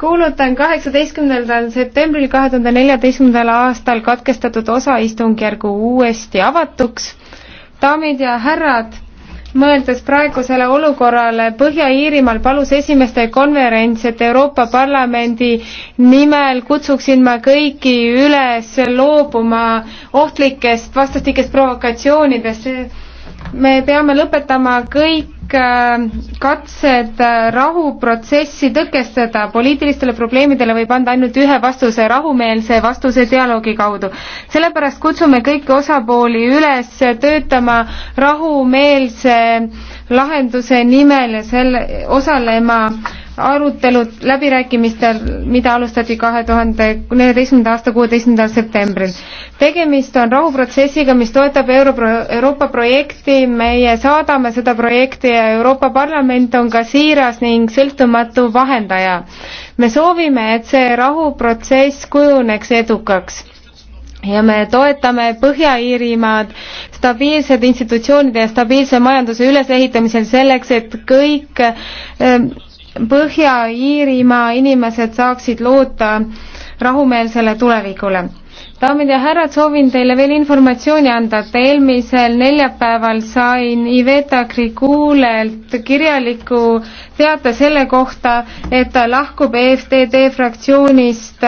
kuulutan kaheksateistkümnendal septembril kahe tuhande neljateistkümnendal aastal katkestatud osaistungjärgu uuesti avatuks. daamid ja härrad, mõeldes praegusele olukorrale, Põhja-Iirimaal palus esimeste konverents, et Euroopa Parlamendi nimel kutsuksin ma kõiki üles loobuma ohtlikest vastastikest provokatsioonidest. me peame lõpetama kõik kõik äh, katsed äh, rahuprotsessi tõkestada poliitilistele probleemidele võib anda ainult ühe vastuse, rahumeelse vastuse dialoogi kaudu. sellepärast kutsume kõiki osapooli üles töötama rahumeelse lahenduse nimel ja selle, osalema arutelud läbirääkimistel, mida alustati kahe tuhande neljateistkümnenda aasta kuueteistkümnendal septembril. tegemist on rahuprotsessiga, mis toetab Euro-, Euroopa projekti, meie saadame seda projekti ja Euroopa Parlament on ka siiras ning sõltumatu vahendaja. me soovime, et see rahuprotsess kujuneks edukaks ja me toetame Põhja-Iirimaad stabiilsed institutsioonide ja stabiilse majanduse ülesehitamisel selleks, et kõik äh, Põhja-Iirimaa inimesed saaksid loota rahumeelsele tulevikule. daamid ja härrad, soovin teile veel informatsiooni anda, et eelmisel neljapäeval sain Iveta Grigulelt kirjaliku teate selle kohta, et ta lahkub EFTD fraktsioonist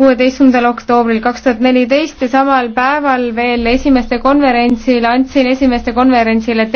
kuueteistkümnendal oktoobril kaks tuhat neliteist ja samal päeval veel esimeste konverentsil andsin esimeste konverentsile